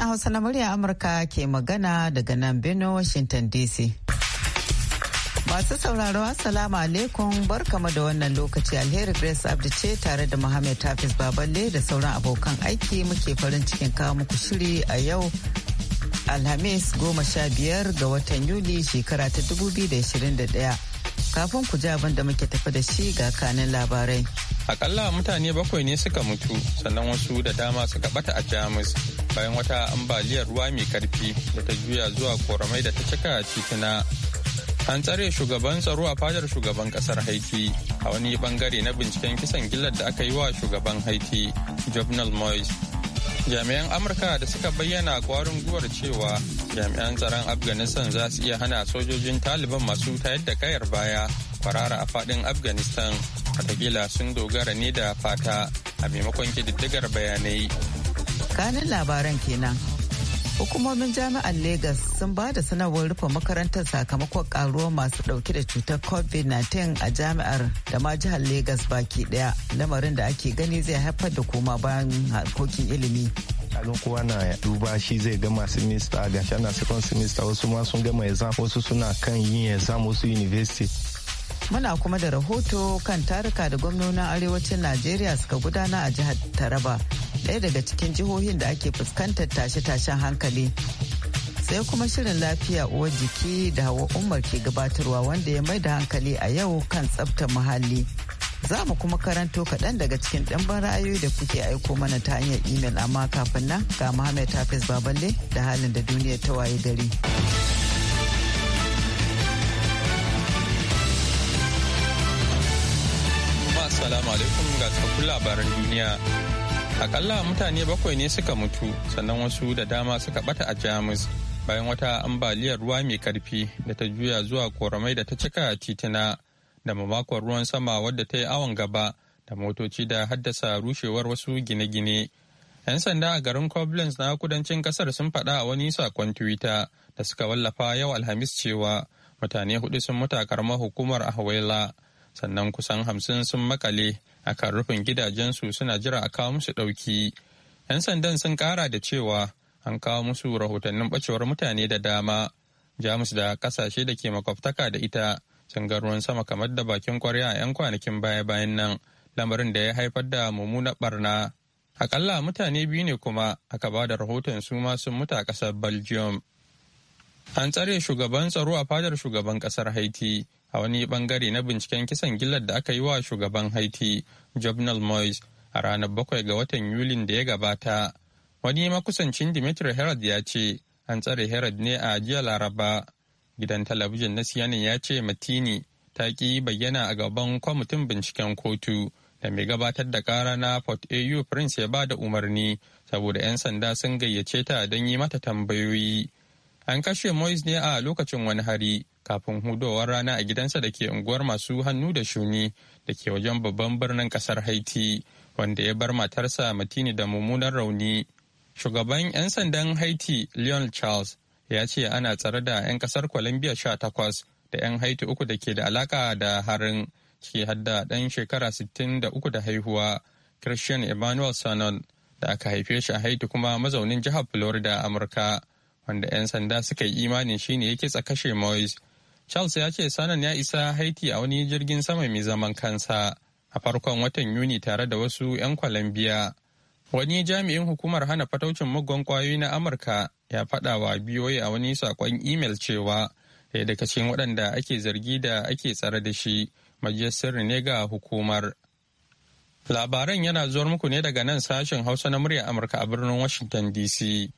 Sashen Hausa na murya Amurka ke magana daga nan Benue, Washington DC. Masu sauraro Assalamu alaikum barkama da wannan lokaci alheri Grace Abdi ce tare da Muhammad Hafiz Baballe da sauran abokan aiki muke farin cikin kawo muku shiri a yau Alhamis goma sha biyar ga watan Yuli shekara ta 2021. Kafin ku ji da muke tafi da shi ga kanin labarai. Akalla mutane bakwai ne suka mutu sannan wasu da dama suka bata a Jamus bayan wata ambaliyar ruwa mai karfi da ta juya zuwa koramai da ta cika titina an tsare shugaban tsaro a fadar shugaban kasar haiti a wani bangare na binciken kisan gillar da aka yi wa shugaban haiti jovenel moise jami'an amurka da suka bayyana kwarin guwar cewa jami'an tsaron afghanistan za su iya hana sojojin taliban masu tayar da kayar baya kwarara a fadin afghanistan watakila sun dogara ne da fata a maimakon kididdigar bayanai tsakanin labaran kenan hukumomin jami'an Legas sun ba da sanarwar rufe makarantar sakamakon karuwa masu dauke da cutar covid-19 a jami'ar da ma jihar Legas baki daya lamarin da ake gani zai haifar da koma bayan harkokin ilimi kaga kowa na duba shi zai gama semester ga shana second semester wasu ma sun gama exam wasu suna kan yin exam wasu university muna kuma da rahoto kan taruka da gwamnonin arewacin najeriya suka gudana a jihar taraba ɗaya daga cikin jihohin da ake fuskantar tashe-tashen hankali sai kuma shirin lafiya uwar jiki da hawa umar ke gabatarwa wanda ya mai da hankali a yau kan tsabtar muhalli za mu kuma karanto kaɗan daga cikin ɗanban ra'ayoyi da kuke aiko mana ta hanyar imel amma kafin nan ga muhammed hafiz baballe da halin da duniya ta waye gari Assalamu alaikum ga labaran duniya akalla mutane bakwai ne suka mutu sannan wasu da dama suka bata a jamus bayan wata ambaliyar ruwa mai karfi da ta juya zuwa koramai da ta cika titina da mamakon ruwan sama wadda ta yi awon gaba da motoci da haddasa rushewar wasu gine-gine 'yan sanda a garin koblenz na kudancin kasar sun faɗa a wani sakon twitter da suka wallafa yau alhamis cewa mutane hudu sun mutu a karamar hukumar ahwaila sannan kusan hamsin sun makale a kan rufin gidajensu suna jira a kawo musu ɗauki. 'Yan sandan sun ƙara da cewa an kawo musu rahotannin ɓacewar mutane da dama. Jamus da ƙasashe da ke makwabtaka da ita sun ga ruwan sama kamar da bakin kwarya a 'yan kwanakin baya-bayan nan lamarin da ya haifar da mummunar barna. Akalla mutane biyu ne kuma aka ba da rahoton su ma sun mutu a ƙasar Belgium. An tsare shugaban tsaro a fadar shugaban ƙasar Haiti a wani bangare na binciken kisan gillar da aka yi wa shugaban haiti jovenel moise a ranar bakwai ga watan yulin da ya gabata wani makusancin dimitri herod ya ce an tsare herod ne a jiya laraba gidan talabijin na siyanin ya ce matini ta ki bayyana a gaban kwamitin binciken kotu da mai gabatar da kara na port au prince ya ba da umarni saboda 'yan sanda sun gayyace ta don yi mata tambayoyi an kashe moise ne a lokacin wani hari kafin hudowar rana a gidansa da ke unguwar masu hannu da shuni da ke wajen babban birnin kasar haiti wanda ya bar matarsa matini da mummunan rauni shugaban 'yan sandan haiti leon charles ya ce ana tsare da 'yan kasar sha takwas da 'yan haiti uku da ke da alaka da harin ciki hadda ɗan shekara sittin da uku da haihuwa christian emmanuel sanon da aka haife shi a haiti kuma mazaunin jihar florida amurka wanda 'yan sanda suka yi imanin shine ya kitsa kashe moise Charles ya ce sanan ya isa Haiti a wani jirgin sama mai zaman kansa a farkon watan Yuni tare da wasu 'yan kwalambiya Wani jami'in hukumar hana fataucin muggan kwayoyi na Amurka ya fada wa biyoyi a wani sakon imel cewa ɗaya daga cikin waɗanda ake zargi da ake tsare da shi majiyar sirri ne ga hukumar. Labaran yana zuwar muku ne daga nan sashen Hausa na murya Amurka a birnin Washington DC.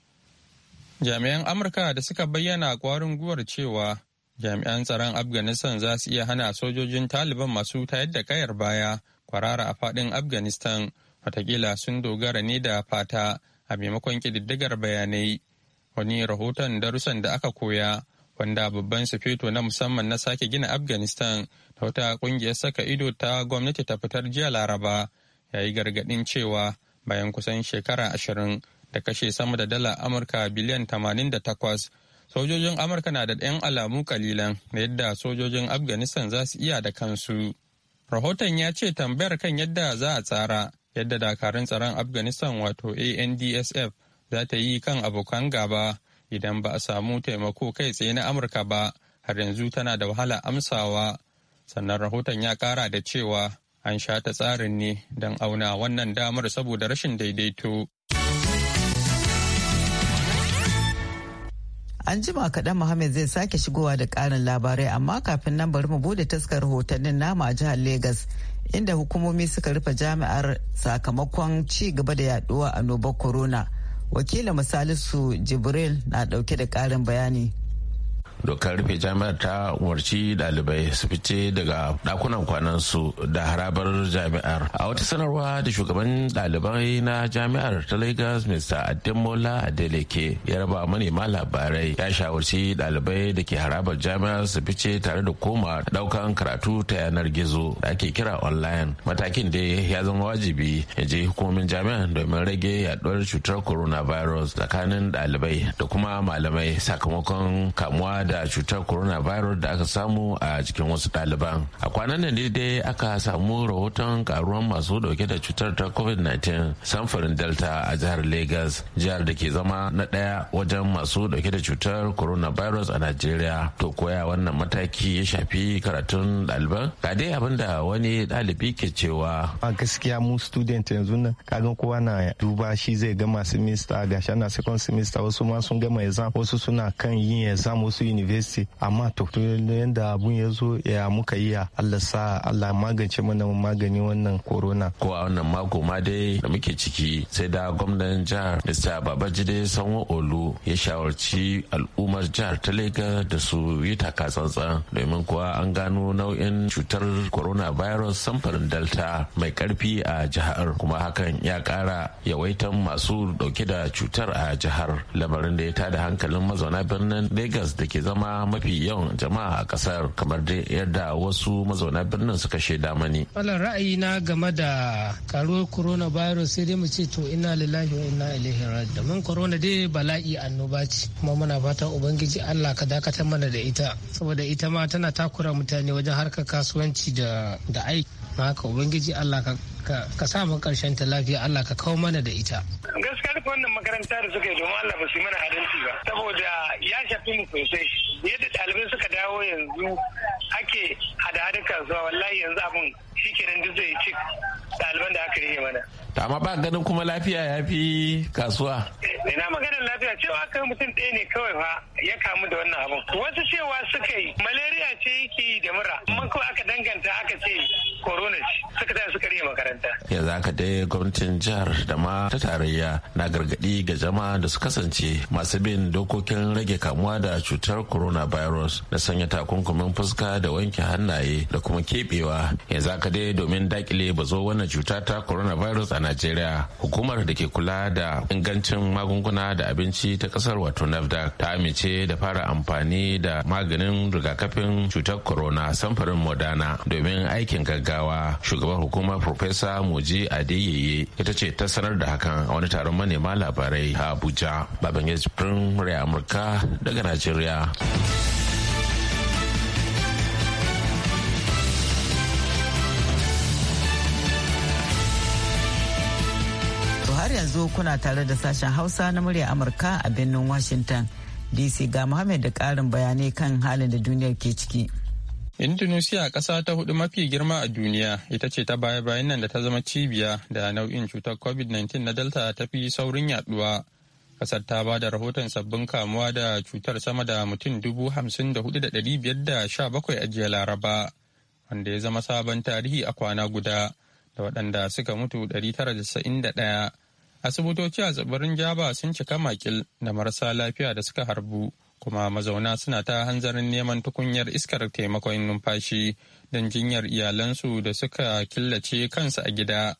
Jami'an Amurka da suka bayyana kwarin guwar cewa jami'an tsaron afghanistan za su iya hana sojojin taliban masu tayar da kayar baya kwarara a fadin afghanistan watakila sun dogara ne da fata a maimakon kididdigar bayanai wani rahoton darussan da aka koya wanda babban sufeto na musamman na sake gina afghanistan da wata kungiyar saka ido ta gwamnati ta fitar jiya laraba ya yi gargaɗin cewa bayan kusan shekara ashirin da kashe sama da dala amurka biliyan 88 sojojin amurka na da ɗayan alamu kalilan da yadda sojojin afghanistan za su iya da kansu rahoton ya ce tambayar kan yadda za a tsara yadda dakarun tsaron afghanistan wato andsf za ta yi kan abokan gaba idan ba a samu taimako kai tsaye na amurka ba har yanzu tana da wahala amsawa sannan rahoton ya kara da cewa an sha ta tsarin ne don auna wannan damar saboda rashin daidaito. An jima kaɗan Muhammad zai sake shigowa da ƙarin labarai amma kafin nan bari mu bude taskar rahotannin nama a jihar Legas inda hukumomi suka rufe jami'ar sakamakon ci gaba da yaduwa annobar corona. Wakilin misalisu Jibril na ɗauke da ƙarin bayani. dokar rufe jami'ar ta umarci ɗalibai su fice daga ɗakunan su da harabar jami'ar a wata sanarwa da shugaban ɗalibai na jami'ar ta lagos mr ademola adeleke ya raba manema labarai ya shawarci ɗalibai da ke harabar jami'ar su fice tare da koma ɗaukan karatu ta yanar gizo da ake kira online matakin da ya zama wajibi ya je hukumomin jami'ar domin rage yaduwar cutar coronavirus tsakanin ɗalibai da kuma malamai sakamakon kamuwa da da cutar coronavirus da aka samu a cikin wasu ɗaliban a kwanan nan ne dai aka samu rahoton karuwan masu dauke da cutar ta covid-19 samfurin delta a jihar lagos jihar da ke zama na ɗaya wajen masu dauke da cutar coronavirus a najeriya to koya wannan mataki ya shafi karatun ɗaliban ga dai abin da wani ɗalibi ke cewa a gaskiya mu student yanzu nan kagan kowa na duba shi zai gama semester gashi na second semester wasu ma sun gama exam wasu suna kan yin exam wasu yin university amma to yadda abun ya zo ya muka yi Allah sa Allah magance mana magani wannan corona ko a wannan mako ma dai da muke ciki sai da gwamnan jihar Mr. Babajide Sanwo Olu ya shawarci al'ummar jihar ta Lagos da su yi taka tsantsan domin kuwa an gano nau'in cutar coronavirus samfurin delta mai karfi a jihar kuma hakan ya kara yawaitan masu dauke da cutar a jihar lamarin da ya tada hankalin mazauna birnin Lagos da ke zama mafi yawan jama'a a kasar kamar dai yadda wasu mazauna birnin suka shaida mani. Wannan ra'ayi na game da karuwar virus sai dai mu ce to ina lillahi wa inna ilaihi raji'un. Domin corona dai bala'i annoba ce kuma muna fatan ubangiji Allah ka dakatar mana da ita saboda ita ma tana takura mutane wajen harkar kasuwanci da aiki. na haka ubangiji allah ka sa mu karshen ta lafiya allah ka kawo mana da ita gaskiya duk wannan makaranta da suka yi domin allah ba su yi mana adalci ba saboda ya shafi mu sosai yadda ɗalibai suka dawo yanzu ake hada-hadar kasuwa wallahi yanzu abun shikenan duk zai ci ɗaliban da aka rage mana. ta amma ba ganin kuma lafiya ya fi kasuwa. ina maganin lafiya cewa aka mutum ɗaya ne kawai fa ya kamu da wannan abun wasu cewa suka yi malaria ce yake yi da mura amma kuma aka danganta aka ce corona ce suka tashi suka rage makaranta. yanzu haka dai gwamnatin jihar da ma ta tarayya na gargaɗi ga jama'a da su kasance masu bin dokokin rage kamuwa da cutar coronavirus na sanya takunkumin fuska da wanke hannaye hannaye da kuma keɓewa yanzu aka dai domin dakile bazo wannan cuta ta coronavirus a najeriya hukumar da ke kula da ingancin magunguna da abinci ta kasar wato nafdac ta amince da fara amfani da maganin rigakafin cutar corona samfurin modana domin aikin gaggawa shugaban hukumar profesa muji adeyeye ita ce ta sanar da hakan a wani taron manema labarai a abuja babangeji firin amurka daga najeriya yanzu kuna tare da sashen Hausa na murya Amurka a birnin Washington DC ga Muhammad da karin bayanai kan halin da duniyar ke ciki. Indonesia ƙasa ta hudu mafi girma a duniya ita ce ta baya-bayan nan da ta zama cibiya da nau'in cutar COVID-19 na Delta ta fi saurin yaduwa. Kasar ta ba da rahoton sabbin kamuwa da cutar sama da mutum dubu hamsin da hudu da ɗari biyar da sha bakwai a jiya Laraba, wanda ya zama sabon tarihi a kwana guda da waɗanda suka mutu ɗari tara da sa'in da ɗaya asibitoci a tsibirin jaba sun cika makil da marasa lafiya da suka harbu kuma mazauna suna ta hanzarin neman tukunyar iskar taimakon numfashi don jinyar iyalansu da suka killace kansu a gida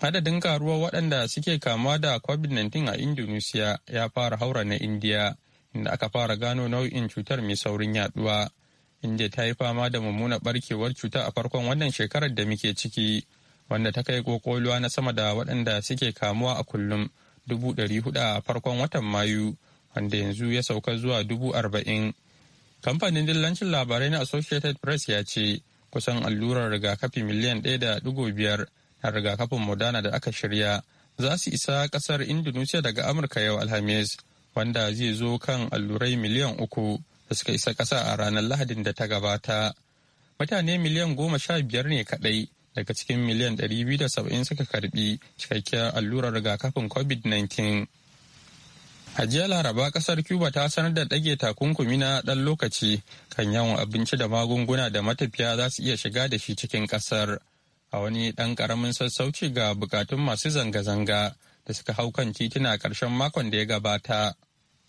adadin karuwa waɗanda suke kamuwa da covid-19 a indonesia ya fara haura na india inda aka fara gano nau'in cutar mai saurin yaduwa india ta yi fama da mummunar barkewar cuta a farkon wannan shekarar da muke ciki wanda ta kai kokoluwa na sama da waɗanda suke kamuwa a kullum dubu ɗari hudu a farkon watan mayu wanda yanzu ya sauka zuwa dubu arba'in kamfanin dillancin labarai na associated press ya ce kusan allurar rigakafi miliyan ɗaya da ɗigo biyar na rigakafin modana da aka shirya za su isa ƙasar indonesia daga amurka yau alhamis wanda zai zo kan allurai miliyan uku da suka isa ƙasa a ranar lahadin da ta gabata mutane miliyan goma sha biyar ne kaɗai daga cikin miliyan 270 suka karbi cikakkiyar allurar rigakafin covid-19 a jiya laraba kasar cuba ta sanar da ɗage takunkumi na ɗan lokaci kan yawan abinci da magunguna da matafiya za su iya shiga da shi cikin ƙasar a wani ɗan ƙaramin sassauci ga bukatun masu zanga-zanga da suka hau kan tituna ƙarshen makon da ya gabata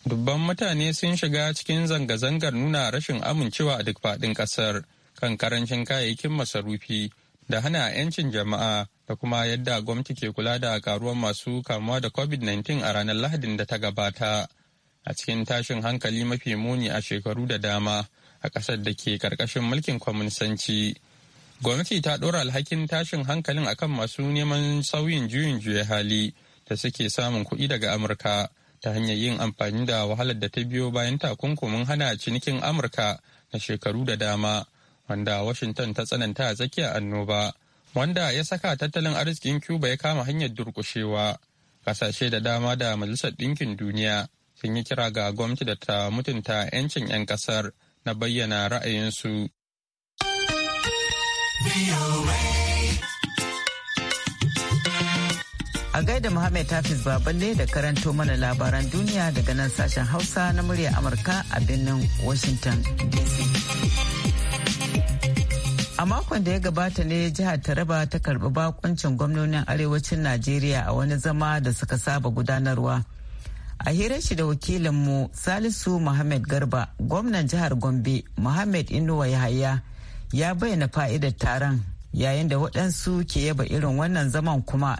dubban mutane sun shiga cikin zanga-zangar nuna rashin amincewa a duk faɗin ƙasar kan karancin kayayyakin masarufi da hana 'yancin jama'a da kuma yadda gwamnati ke kula da karuwar masu kamuwa da covid-19 a ranar lahadin da ta gabata a cikin tashin hankali mafi muni a shekaru da dama a ƙasar da ke ƙarƙashin mulkin kwaminsanci gwamnati ta ɗora alhakin tashin hankalin akan masu neman sauyin juyin juya hali da suke samun kuɗi daga amurka ta hanyar yin amfani da wahalar da ta biyo bayan takunkumin hana cinikin amurka na shekaru da dama wanda Washington ta tsananta a tsakiyar annoba, wanda ya saka tattalin arzikin Cuba ya kama hanyar durƙushewa. Kasashe da dama da Majalisar Ɗinkin Duniya sun yi kira ga gwamnati da ta mutunta 'yancin 'yan ƙasar na bayyana ra'ayinsu. A gaida Muhammad Tafis Baballe da karanto mana labaran duniya daga nan sashen Hausa na murya Amurka a birnin Washington DC. A makon da ya gabata ne jihar Taraba ta karbi bakuncin gwamnonin arewacin Najeriya a wani zama da suka saba gudanarwa. A hirar shi da wakilinmu Salisu Muhammad Garba, gwamnan jihar Gombe Muhammad Inuwa Yahaya ya bayyana fa'idar taron yayin da waɗansu ke yaba irin wannan zaman kuma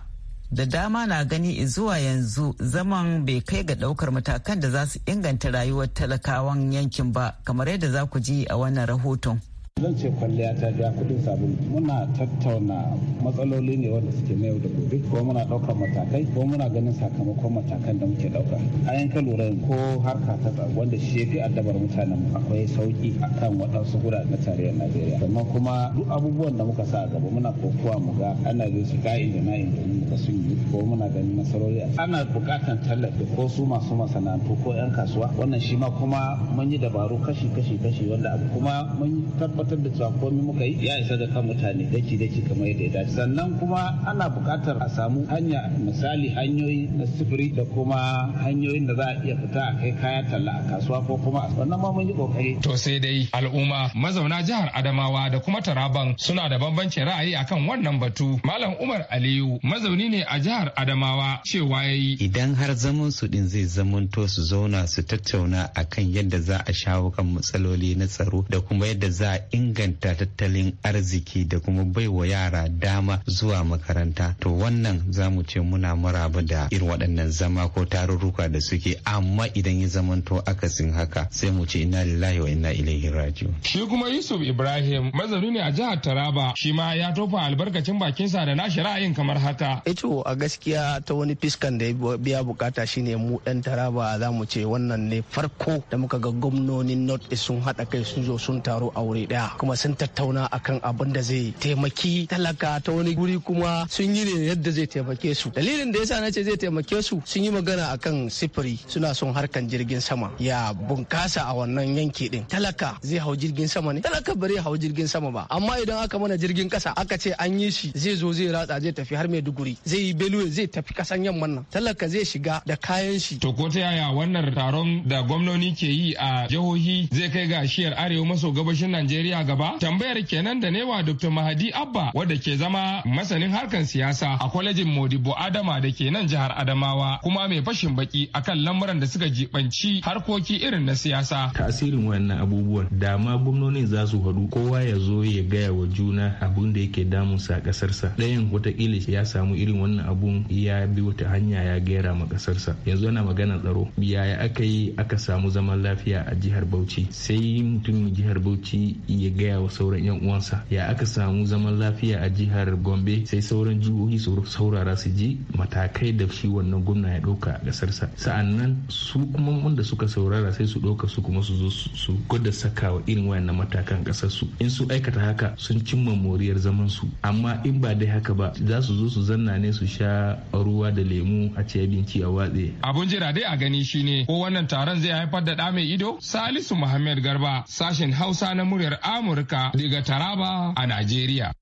da dama na gani zuwa yanzu zaman bai kai ga ɗaukar matakan da za su inganta rayuwar talakawan yankin ba kamar yadda za ku ji a wannan rahoton. zan ce kwalliya ta biya kudin sabon muna tattauna matsaloli ne wanda suke na yau da gobe ko muna daukar matakai ko muna ganin sakamakon matakan da muke ɗauka a yankin lura ko harka ta tsaro wanda shi fi addabar mutanen akwai sauki akan waɗansu gura na tarayyar najeriya amma kuma duk abubuwan da muka sa a gaba muna kokowa mu ga ana bin su ka'in da na'in da sun yi ko muna ganin nasarori ana buƙatar tallafi ko su masu masana'antu ko 'yan kasuwa wannan shi ma kuma mun yi dabaru kashi kashi kashi wanda kuma mun tabbatar tabbatar da cewa komai muka yi ya isa ga kan mutane daki daki kamar yadda ya dace sannan kuma ana bukatar a samu hanya misali hanyoyi na sifiri da kuma hanyoyin da za a iya fita a kai kaya talla a kasuwa ko kuma a sannan ma mun yi kokari to sai dai al'umma mazauna jihar Adamawa da kuma Taraban suna da bambancin ra'ayi akan wannan batu malam Umar Aliyu mazauni ne a jihar Adamawa cewa yayi idan har zaman su din zai zamanto su zauna su tattauna akan yadda za a shawo kan matsaloli na tsaro da kuma yadda za a inganta tattalin arziki da kuma baiwa yara dama zuwa makaranta to wannan za mu ce muna maraba da irin waɗannan zama ko tarurruka da suke amma idan ya zamanto akasin haka sai mu ce ina lillahi wa inna ilaihi raji'un shi kuma yusuf ibrahim mazari ne a jihar taraba shi ma ya tofa albarkacin bakin sa da nashi ra'ayin kamar haka ito eh a gaskiya ta wani fiskan da ya biya bukata shine mu dan taraba za mu ce wannan ne farko da muka ga gwamnonin north sun haɗa kai sun zo sun taro a wuri ɗaya tsaya kuma sun tattauna akan abin da zai taimaki talaka ta wani guri kuma sun yi ne yadda zai taimake su dalilin da yasa na ce zai taimake su sun yi magana akan sifiri suna son harkan jirgin sama ya bunkasa a wannan yanki din talaka zai hau jirgin sama ne talaka bare hau jirgin sama ba amma idan aka mana jirgin kasa aka ce an yi shi zai zo zai ratsa zai tafi har maiduguri zai yi belue zai tafi kasan yamman nan talaka zai shiga da kayan shi to ko ta yaya wannan taron da gwamnoni ke yi a jihohi zai kai ga shiyar arewa maso gabashin najeriya a gaba? Tambayar kenan da newa Dr. Mahadi Abba wadda ke zama masanin harkan siyasa a kwalejin Modibo Adama da ke nan jihar Adamawa kuma mai fashin baki akan lamuran da suka jibanci harkoki irin na siyasa. Tasirin wannan abubuwan dama ma gwamnonin za su haɗu kowa ya zo ya gaya wa juna abun da yake damunsa a ƙasarsa. Ɗayan watakila ya samu irin wannan abun ya bi wata hanya ya gera ma kasarsa Yanzu ana magana tsaro. Yaya aka yi aka samu zaman lafiya a jihar Bauchi sai mutumin jihar Bauchi ya gaya wa sauran yan uwansa ya aka samu zaman lafiya a jihar gombe sai sauran jihohi su saurara su ji matakai da shi wannan gwamna ya ɗauka a ƙasarsa sa'annan su kuma wanda suka saurara sai su dauka su kuma su zo su gwada sakawa irin wayannan matakan kasarsu su in su aikata haka sun cimma moriyar zaman su amma in ba dai haka ba za su zo su zanna ne su sha ruwa da lemu a ci abinci a watse. abun jira dai a gani shine ko wannan taron zai haifar da da mai ido salisu muhammad garba sashen hausa na muryar Amurka daga Taraba a Najeriya.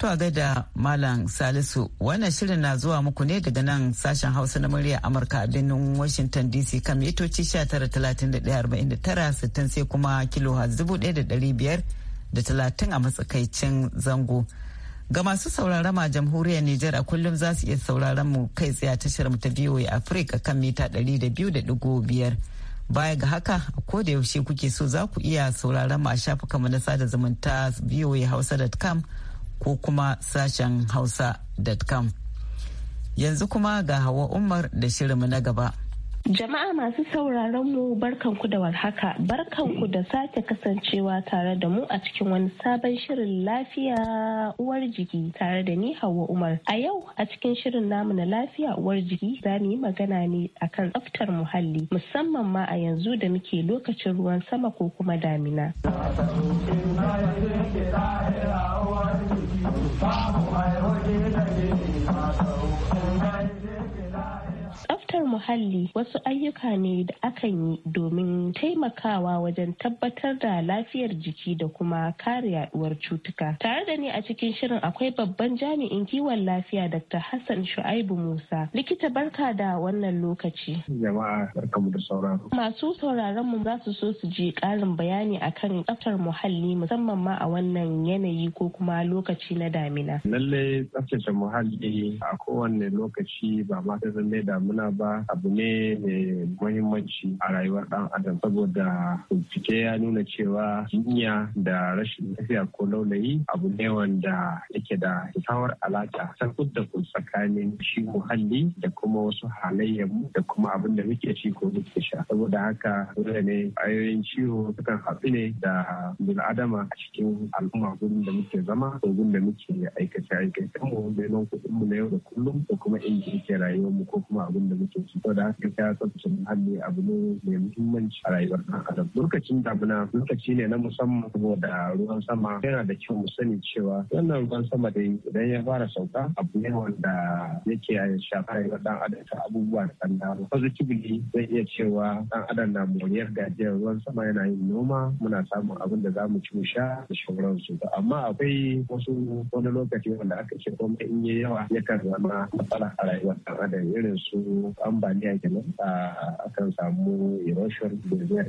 To a gaida Malam Salisu wannan shirin na zuwa muku ne daga nan sashen Hausa na murya Amurka a birnin Washington DC kan mitoci 19,31,49,60 sai kuma kilo da talatin a matsakaicin zango. Ga masu sauraron ma jamhuriyar Nijar a kullum za su iya sauraron mu kai tsaye tashar mu ta a afirka kan mita 200.5. Baya ga haka, ko da yaushe kuke so za ku iya sauraron mu a shafukanmu na sada zumunta voahausa.com ko kuma sashen hausa.com. Yanzu kuma ga Hawa Umar da shirinmu na gaba. Jama'a masu sauraron mu barkanku da warhaka, barkanku da sake kasancewa tare da mu a cikin wani sabon shirin lafiya uwar jiki tare da ni Hauwa Umar. A yau a cikin shirin namu na lafiya uwar jiki za mu yi magana ne akan tsaftar muhalli musamman ma a yanzu da muke lokacin ruwan sama ko kuma damina. ba tsaftar muhalli wasu ayyuka ne da akan yi domin taimakawa wajen tabbatar da lafiyar jiki da kuma kare yaduwar cutuka. Tare da ni a cikin shirin akwai babban jami'in kiwon lafiya Dr. Hassan Shu'aibu Musa. Likita barka da wannan lokaci. Jama'a da sauraro. Masu sauraron mu za su so su je karin bayani akan tsaftar muhalli musamman ma a wannan yanayi ko kuma lokaci na damina. Lallai tsaftace muhalli a kowanne lokaci ba ma ta zama damina ba ba abu ne mai muhimmanci a rayuwar dan adam saboda bincike ya nuna cewa jinya da rashin lafiya ko laulayi abu ne wanda yake da kyakkyawar alaka sarkut da kun tsakanin shi muhalli da kuma wasu halayyar mu da kuma abin da muke ci ko muke sha saboda haka dole ne ayoyin ciwo sukan haɗu ne da bin Adama a cikin al'umma gurin da muke zama ko gurin da muke aikace aikace mu neman kuɗin mu na yau da kullum da kuma inji yake rayuwar mu ko kuma abin da muke su saboda haka ya tsabtace muhalli abu ne mai muhimmanci a rayuwar ɗan adam lokacin damuna lokaci ne na musamman saboda ruwan sama yana da kyau mu sani cewa wannan ruwan sama da idan ya fara sauka abu ne wanda yake shafa rayuwar ɗan adam ta abubuwa da ɗan dama positively zai iya cewa ɗan adam na moriyar gajiyar ruwan sama yana yin noma muna samun abin da za mu ci mu sha da shauransu amma akwai wasu wani lokaci wanda aka ce kuma in yi yawa yakan zama matsala a rayuwar ɗan adam irin su ambaliya kenan akan samu erosion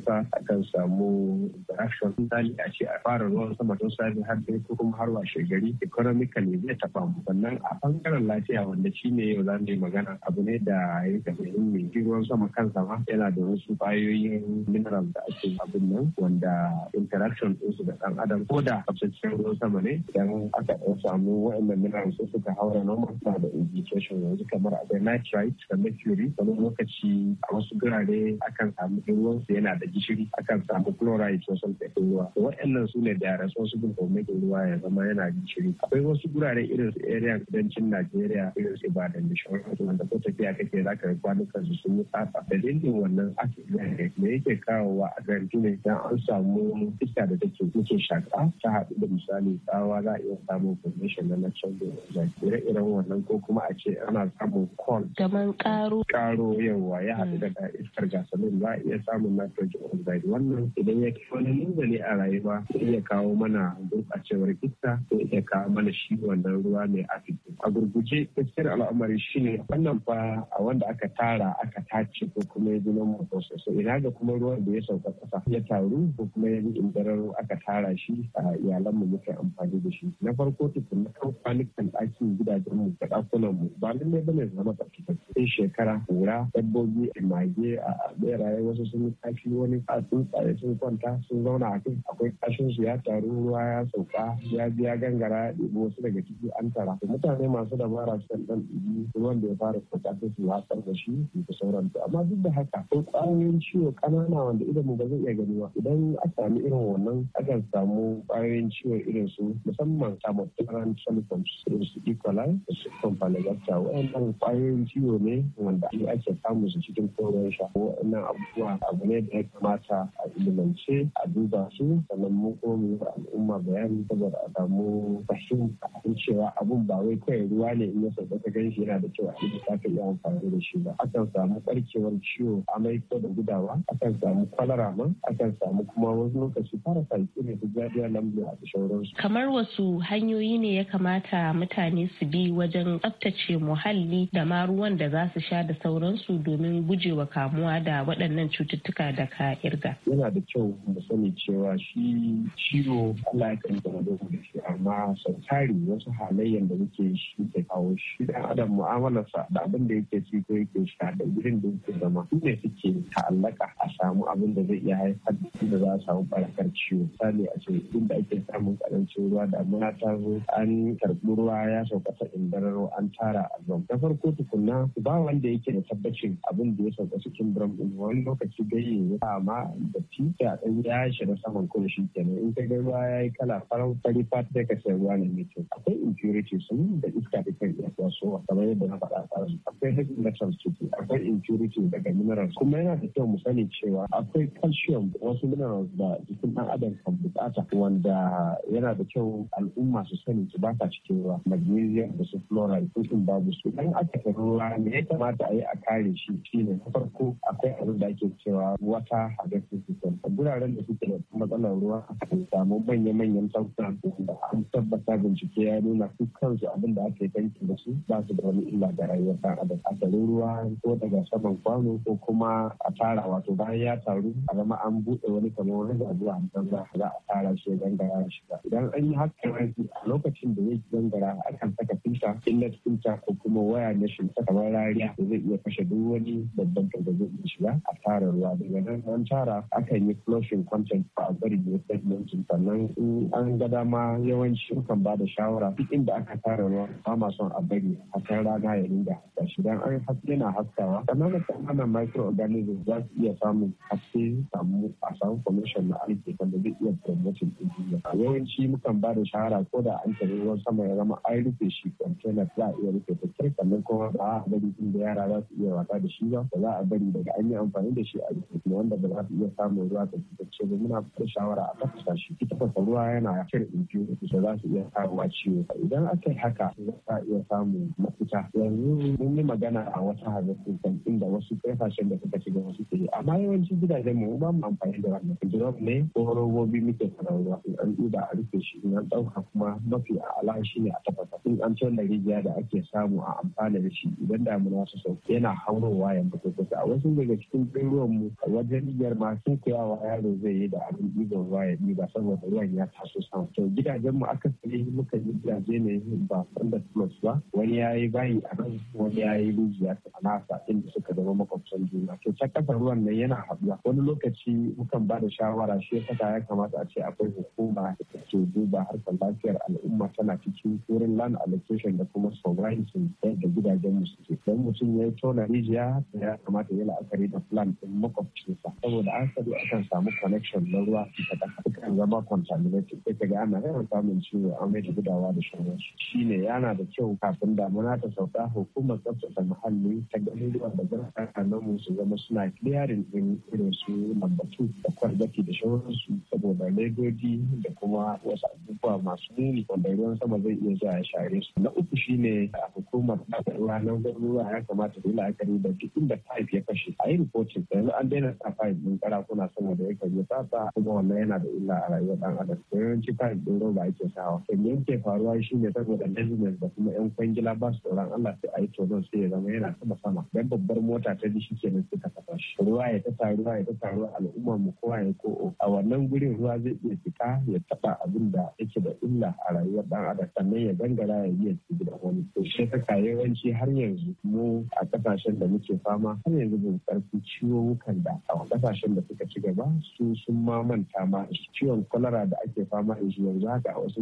da akan samu interaction misali a ce a fara ruwan sama don sami har dai ko kuma har washe gari economically zai taba mu sannan a bangaren lafiya wanda shi ne yau za mu yi magana abu ne da ya ga muhimmi shi ruwan sama kansa ma yana da wasu kwayoyin mineral da ake abin nan wanda interaction su da ɗan adam ko da tafsasshen ruwan sama ne idan aka samu wa'annan mineral su suka haura normal ba da indication yanzu kamar a nitrite da mercury hatsari wani lokaci a wasu birane akan samu ruwan su yana da gishiri akan samu chloride ko da ruwa to waɗannan su ne da responsible for making ruwa ya zama yana gishiri akwai wasu gurare irin su area kudancin Najeriya irin su Ibadan da shauransu wanda ko tafiya kake za ka kwanukan su sun yi da dalilin wannan accident ne yake kawowa a garin ne idan an samu iska da take muke shaka ta haɗu da misali tsawa za a iya samun formation na natural ire-iren wannan ko kuma a ce ana samun call. Gaman ƙaro karo yawa ya haɗu da hmm. iskar gasolin ba iya samun nitrogen oxide wannan idan ya ke. wani munzali a rayuwa Ko iya kawo mana gurɓacewar iska ko iya kawo mana shi wannan ruwa mai acid a gurguje gaskiyar al'amari shi shine wannan fa a wanda aka tara aka tace ko kuma ya ji nan mu sosai ina ga kuma ruwan da ya sauka ƙasa ya taru ko kuma ya ji indararo aka tara shi a iyalan mu muke amfani da shi na farko tukun na kan kwanukan ɗakin gidajen mu da ɗakunan mu ba lallai bane zama tsarkakakke shekara kura dabbobi mage a beraye wasu sun yi kashi wani a tsuntsaye sun kwanta sun zauna a kai akwai kashin su ya taru ruwa ya sauka ya biya gangara ya ɗebo wasu daga ciki an tara mutane masu dabara su kan ɗan ɗibi ruwan da ya fara sauka sai su watsar da shi da sauran amma duk da haka akwai ƙwayoyin ciwo ƙanana wanda idan mu ba zai iya gani ba idan a sami irin wannan akan samu ƙwayoyin ciwo irin su musamman sababbin ran solifon irin su su coli da su kwamfalagasta ƙwayoyin ciwo ne wanda da ake samu su cikin koyon sha wannan abubuwa abu ne da ya kamata a ilimance a duba su sannan mu kuma mu al'umma bayani saboda a samu fahimta cewa abun ba wai kawai ruwa ne in ya sauka ka gan shi yana da kyau a yi lissafin ya amfani da shi ba akan samu barkewar ciwo amai ko da gudawa akan samu kwalara ma akan samu kuma wasu lokaci parasite ne su jadiya lambu a su. kamar wasu hanyoyi ne ya kamata mutane su bi wajen tsaftace muhalli da ma ruwan da za su sha da sauransu domin gujewa kamuwa da waɗannan cututtuka da ka irga. Yana da kyau mu sani cewa shi ciwo Allah ya kan zama da shi amma sau tari wasu halayen da muke shi da kawo shi da adam mu'amalarsa da abin da yake ci ko yake sha da gurin da yake zama su ne suke ta'allaka a samu abin da zai iya haifar da za a samu barakar ciwo. Sani a ce inda ake samun karancin ruwa da amma ta zo an karɓi ruwa ya sauka ta indarar an tara a zon. Da farko tukunna ba wanda yake yake da tabbacin abin da ya sauka cikin drum din wani lokaci ganye ya kama da tita ɗan ya shiga saman kuma shi kenan in ka gaba ya yi kala farar fari fat da ka sai ruwa ne mai kyau akwai impurity sun da iska da kan iya tasowa kamar yadda na faɗa a akwai heavy metals ciki akwai impurity daga minerals kuma yana da kyau mu sani cewa akwai calcium wasu minerals da jikin ɗan adam kan bukata wanda yana da kyau al'umma su sani su ba cikin ruwa magnesium da su fluoride sun babu su dan aka ruwa ne ya kamata a yi a kare shi shine na farko akwai abin da ake cewa wata harvesting system guraren da suke da matsalar ruwa su samu manya-manyan tankuna da an tabbata bincike ya nuna su kansu abin da aka yi tankin da su ba su da wani illa ga rayuwar ɗan adam a tarin ruwa ko daga saman kwano ko kuma a tara wato bayan ya taru a zama an buɗe wani kamar wani zuwa a za a tara shi ya gangara shiga idan an yi haka a lokacin da zai gangara akan saka filta inlet filta ko kuma waya na shi, kamar rariya zai iya kashe duk wani babban targazo in shiga a tara ruwa daga nan an tara akan yi flushing content ba a bari ne segmentin sannan in an ga dama yawanci kan ba da shawara duk inda aka tara ruwa ba ma son a bari a kan rana ya dinga da shi dan an haske na haskawa kananan kananan microorganisms za su iya samun haske samu a samu commission na aiki wanda zai iya promoting din yawanci mukan ba da shawara ko da an tare ruwan sama ya zama an rufe shi container za a iya rufe ta sannan kuma ba a bari da yara za su iya wasa da shi ba ba za a bari daga an yi amfani da shi a rufe wanda ba za su iya samun ruwa da ce ba muna da shawara a tafasa shi ita tafasa ruwa yana cire infection da za su iya kawowa ciwo idan aka yi haka za a iya samun mafita yanzu mun yi magana a wata hazardin kan da wasu kasashen da suka shiga wasu ke amma yawancin gidajen mu ba mu amfani da wannan drum ne ko robobi muke sararwa in an duba a rufe shi in an ɗauka kuma mafi a ala shi ne a tafasa in an canza rijiya da ake samu a amfana da shi idan damuna su sauka yana haurowa ya mutu kusa a wasu daga cikin ɗin mu wajen igiyar ma sun yaron yaro zai yi da abin ɗiban ruwa ya ɗiba saboda ruwan ya taso sama to gidajen mu aka sani muka yi gidaje ne ba wanda plus ba wani ya yi bayi a nan wani ya yi rijiya a nasa inda suka zama makwabtan juna to ta kasa ruwan nan yana haɗuwa wani lokaci mukan ba da shawara shi ya ya kamata a ce akwai hukuma da ke duba harkar lafiyar al'umma tana cikin wurin land allocation da kuma surveillance yadda gidajen mu suke don mutum ya to Nigeria da ya kamata yi la'akari da plan din makwabcinsa saboda an sadu akan samu connection na ruwa ta ƙasa kan zama contaminated sai ka ga ana yawan samun ciwo an mai da gudawa da shi shine yana da kyau kafin damuna ta sauka hukumar tsaftace muhalli ta garuruwa da zarafin mu su zama suna clearing din irin su two da kwarzaki da su. saboda legodi da kuma wasu abubuwa masu muni wanda ruwan sama zai iya zuwa ya share su na uku shine a hukumar ruwa na ruwa ya kamata ta yi la'akari da duk inda pipe ya kashe a yi reporting yanzu an daina sa pipe ɗin saboda da ya karye sasa kuma wannan yana da illa a rayuwar ɗan adam yawanci pipe ɗin roba ake sawa kan yanke faruwa shi ne saboda business da kuma yan kwangila ba su tsoron Allah sai a yi tono sai ya zama yana sama sama dan babbar mota ta dishi shi kenan sai ka kafa shi ruwa ya ta ruwa ya ta taru al'ummar mu kowa ya ko a wannan gurin ruwa zai iya fita ya taɓa abin da yake da illa a rayuwar ɗan adam sannan ya gangara ya ya ci gida wani to shi saka yawanci har yanzu mu a kasashen da muke fama har yanzu bin karfi ciwon da a kasashen da suka ci gaba su sun ma manta ma ciwon kwalara da ake fama a shi yanzu haka a wasu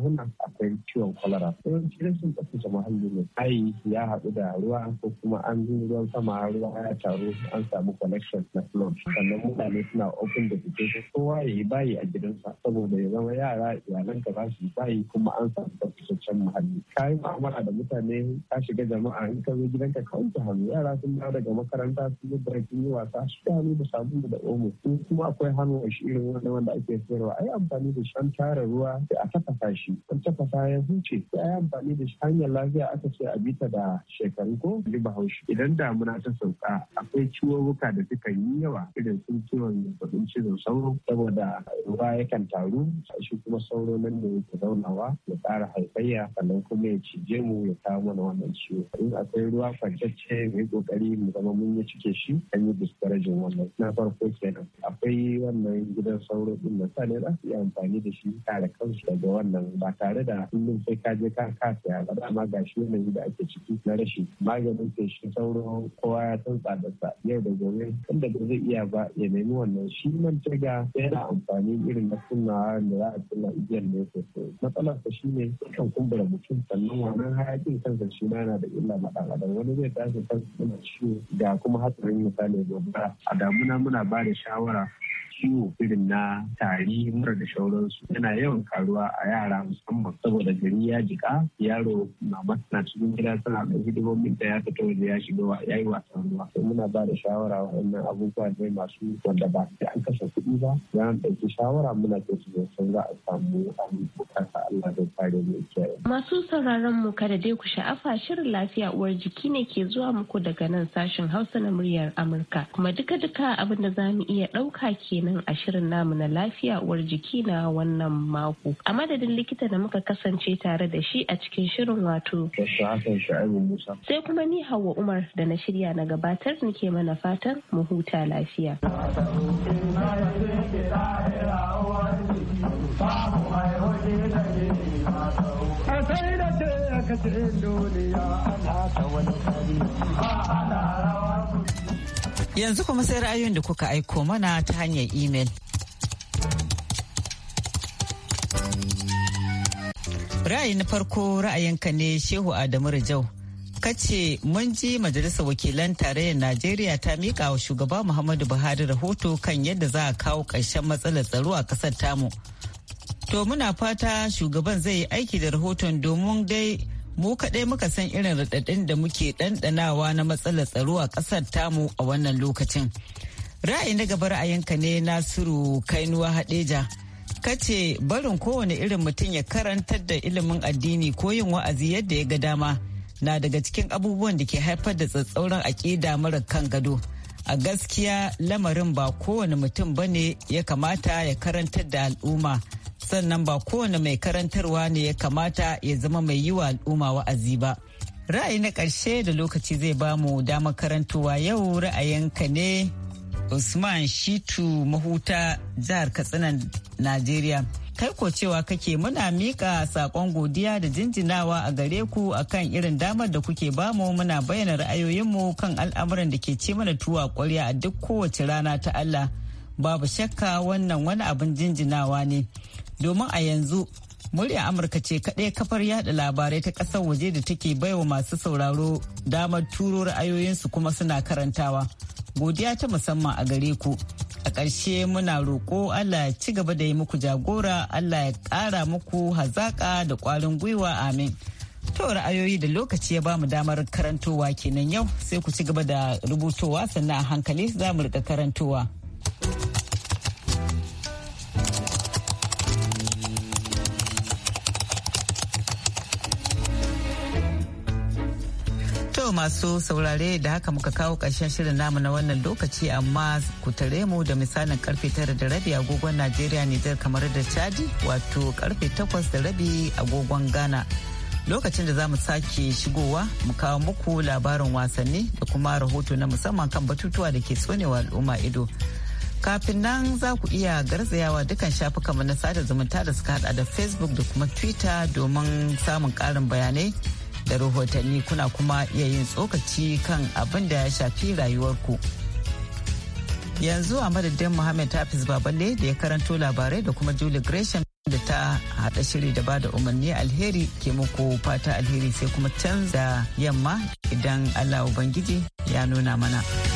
huna akwai ciwon kwalara. sun tafi da muhalli ne. Ai ya haɗu da ruwa ko kuma an zo ruwan sama ruwa ya taru an samu connection na flood. Sannan mutane suna open da fito kowa ya yi bayi a gidansa saboda ya zama yara ka za su yi bayi kuma an samu tsaftacen muhalli. Kayan mu'amala da mutane ka shiga jama'a in ka zo gidan ka kauce hannu yara sun dawo daga makaranta sun yi break sun yi wasa su da hannu da sabu da omo sun kuma akwai hannu a shi irin wanda wanda ake sayarwa a yi amfani da shi an tara ruwa sai a tafasa shi an tafasa ya huce sai ai amfani da shi hanyar lafiya aka ce a bita da shekaru ko ji bahaushe idan damuna ta sauka akwai ciwuwuka da suka yi yawa irin sun ciwon zazzabin cizon sauro saboda ruwa yakan taru shi kuma sauro nan da yake zaunawa ya ƙara haifayya sannan kuma ya cije mu ya kawo mana wannan ciwo in akwai ruwa amfantacce mai kokari mu zama mun yi cike shi an yi discouraging wannan na farko kenan akwai wannan gidan sauro din da ne za su yi amfani da shi kare kansu daga wannan ba tare da kullum sai ka je ka kasa ya ba amma ga shi yi da ake ciki na rashi maganin feshin sauro kowa ya san tsadarsa yau da gobe wanda da zai iya ba ya nemi wannan shi man taga yana amfani irin na kunnawa da za a kunna igiyar ne sosai matsalarsa shi ne kan kumbura mutum sannan wannan hayakin kansa shi ma yana da illa ma ɗan adam wani wani zai tashi kan suna ciwo da kuma hatsarin misali gobara a damuna muna ba da shawara ciwo irin na tari mura da shauransu yana yawan karuwa a yara musamman saboda gari ya jika yaro na na cikin gida suna da hidimomin da ya fito waje ya shiga ya yi wasan ruwa sai muna ba da shawara wannan abubuwa ne masu wanda ba sai an kashe kuɗi ba za a ɗauki shawara muna ce su san za a samu abubuwa Allah da kare mu masu sauraron mu kada dai ku sha'afa shirin lafiya uwar jiki ne ke zuwa muku daga nan sashen Hausa na muryar Amurka kuma duka-duka abin da za mu iya ɗauka kenan nan a shirin namu na lafiya uwar jiki na wannan mako. A madadin likita da muka kasance tare da shi a cikin shirin wato. Sai kuma ni Hauwa Umar da na shirya na gabatar nake mana fatan mu huta lafiya. Ka ce duniya ana ta wani kari, ba ana rawa Yanzu kuma sai ra'ayoyin da kuka aiko mana ta hanyar imel. Ra'ayi na farko ra'ayinka ne Shehu Adamu Rijau. kace mun ji majalisar wakilan tarayyar najeriya ta mika wa shugaba muhammadu buhari rahoto kan yadda za a kawo ƙarshen matsalar tsaro a ƙasar tamu to muna fata shugaban zai yi aiki da rahoton domin dai mu kaɗai muka san irin raɗaɗin da muke ɗanɗanawa na matsalar tsaro a ƙasar tamu a wannan lokacin. Ra'ayi na gaba ra'ayinka ne Nasiru Kainuwa Hadeja. Kace barin kowane irin mutum ya karantar da ilimin addini ko yin wa'azi yadda ya ga dama na daga cikin abubuwan da ke haifar da tsatsauran aƙida mara kan gado. A gaskiya lamarin ba kowane mutum bane ya kamata ya karantar da al'umma. sannan ba kowane mai karantarwa ne ya kamata ya zama mai yi wa al'umma wa'azi ba. Ra'ayi na ƙarshe da lokaci zai ba mu damar karantowa yau ra'ayinka ne Usman Shitu Mahuta jihar Katsina Najeriya. Kai ko cewa kake muna miƙa saƙon godiya da jinjinawa a gare ku akan irin damar da kuke bamu muna bayyana ra'ayoyinmu kan al'amuran da ke ce mana tuwa ƙwarya a duk kowace rana ta Allah. babu shakka wannan wani abin jinjinawa ne domin a yanzu murya amurka ce kaɗai kafar yada labarai ta ƙasar waje da take baiwa masu sauraro damar turo ra'ayoyinsu kuma suna karantawa godiya ta musamman a gare ku a ƙarshe muna roƙo allah ya ci gaba da yi muku jagora allah ya ƙara muku hazaƙa da ƙwarin gwiwa amin To ra'ayoyi da lokaci ya bamu damar karantowa kenan yau sai ku ci gaba da rubutowa sannan a hankali za mu rika karantowa. To masu saurare da haka muka kawo ƙarshen shirin namu na wannan lokaci amma ku tare mu da misalin karfe tara da rabi agogon Najeriya Nijar kamar da Chadi wato karfe takwas da rabi agogon Ghana. Lokacin da za mu sake shigowa mu kawo muku labarin wasanni da kuma rahoto na musamman kan batutuwa da ke tsonewa al'umma ido. Kafin nan za ku iya garzayawa dukkan shafukanmu na sada zumunta da suka hada da Facebook da kuma Twitter domin samun karin bayanai. da rahotanni kuna kuma iya yin tsokaci kan abin da ya shafi rayuwarku. Yanzu a madadin Muhammad Hafiz Baballe da ya karanto labarai da kuma Julie Gresham da ta haɗa shiri da bada umarni alheri ke muku fata alheri sai kuma canza yamma idan Allah Ubangiji ya nuna mana.